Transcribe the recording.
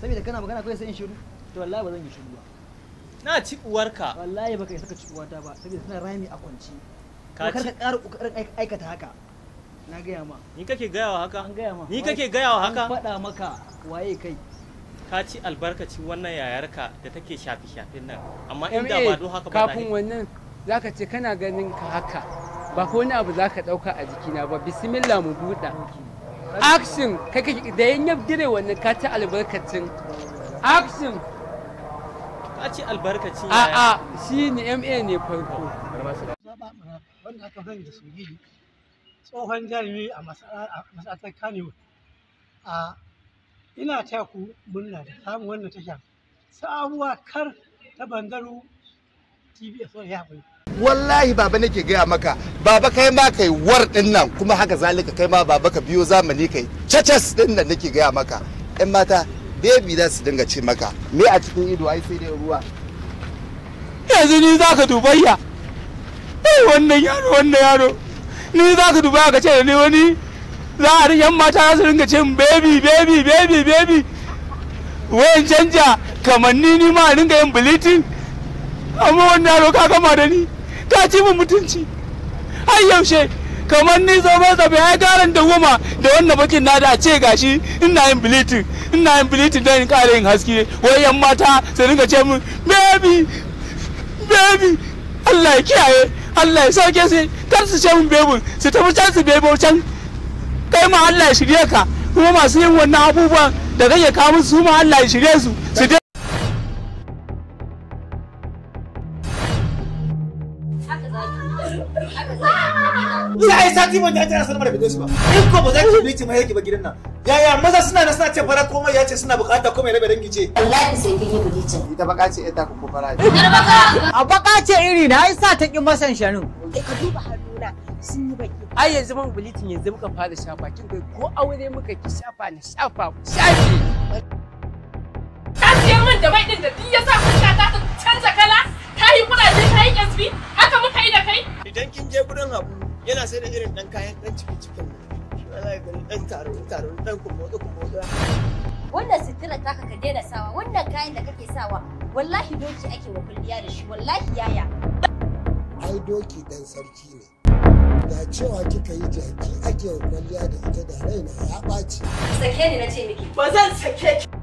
saboda kana magana kawai sai in shiru to wallahi ba zan yi shiru ba na ci uwarka wallahi baka isa ka ci uwata ba saboda tana rami a kwanci ka ka ƙara ƙoƙarin aikata haka na gaya ma ni kake gaya wa haka an gaya ma ni kake gaya wa haka an faɗa maka waye kai ka ci albarkaci wannan yayarka da take shafi shafin nan amma in da ba do haka ba kafin wannan zaka ce kana ganin ka haka ba ko wani abu zaka dauka a jikina ba bismillah mu buɗa action da yan yab dire wannan ka ci albarkacin action ka ci albarkacin a a shi ne ma ne farko wanda aka sani da soyayya tsohon jarumi a mas'atar kanewa a ina ta ku murna da samun wannan tashar. sabuwa kar ta bandaru tv a ya haɓari wallahi baba nake gaya maka baba kai ma kai war din nan kuma haka zalika kai ma baba ka biyo zamani kai cacas din nan nake gaya maka yan mata baby za su dinga ce maka me a cikin ido ai sai dai ruwa yanzu ni za ka dubayya eh, wannan yaro wannan yaro ni za ka dubaya ka ce da ni wani za a yan mata za su dinga ce baby baby baby baby wayan canja kamanni ni ma a dinga yin bilitin amma wannan yaro ka gama da ni ka ci mu mutunci har yaushe kamar ni ba zabe ya garan da goma da wannan bakin na da ce gashi ina yin bilitin ina yin bilitin dan in kare yin haske wai yan mata su ringa ce mu baby baby Allah ya kiyaye Allah ya sauke su kar su ce mu baby su tafi can su baby can kai ma Allah ya shirye ka kuma masu yin wannan abubuwan da kake kawo su ma Allah ya shirye su su Ya yi sati ban yace sanar da fitar shi ba. In ko ba za ki bici mai yake ba gidan nan. Yaya maza suna nan suna fara komai ya ce suna bukata komai rabe dangi ce. Wallahi sai kin yi bilicin. Ita baka ce ita ku ko fara. A baka ce iri na ai sa ta ki masan sharin. Ka duba hannuna sun yi baki. Ai yanzu man bilicin yanzu muka fara shafa kin kai ko aure muka ki shafa na shafa shafi. Ka siya min da mai da duk idan kin je gudun habu yana sai da irin dan kayan dan cikin cikin ana gani dan taro taro dan kuma wato kuma wato wannan sitira taka ka daina sawa wannan kayan da kake sawa wallahi doki ake wa kulliya da shi wallahi yaya ai doki dan sarki ne da cewa kika yi jaki ake wa kwalliya da ita da raina ya ɓaci. Sake ni na ce miki. Ba zan sake ki.